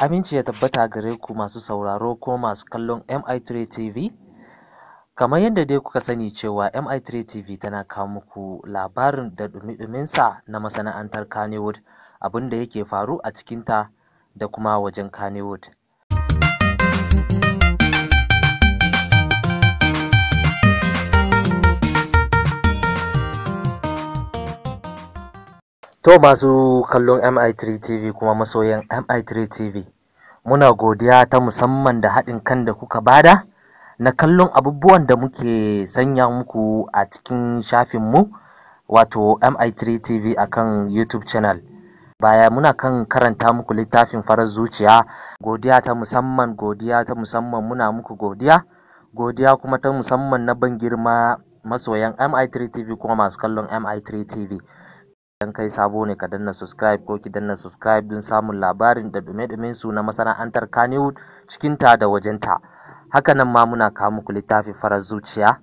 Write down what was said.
Aminci ya tabbata gare ku masu sauraro ko masu kallon MI3 TV. Kamar yadda dai kuka sani cewa MI3 TV tana kawo muku labarin da dumi-duminsa na masana'antar Kannywood, abinda yake faru a cikinta da kuma wajen Kannywood. To masu kallon MI3 TV kuma masoyan MI3 TV, muna godiya ta musamman da haɗin kan da kuka bada na kallon abubuwan da muke sanya muku a cikin shafinmu wato MI3 TV akan YouTube channel. Baya muna kan karanta muku littafin farar zuciya, godiya ta musamman, godiya ta musamman muna muku godiya, godiya kuma ta musamman na ban girma masoyan MI3 TV kuma masu kallon MI3 TV. Idan kai sabo ne ka danna subscribe ko ki danna subscribe don samun labarin da dume-dumen su na masana'antar Kannywood cikinta da wajenta. Haka nan ma muna kawo muku littafin Farar Zuciya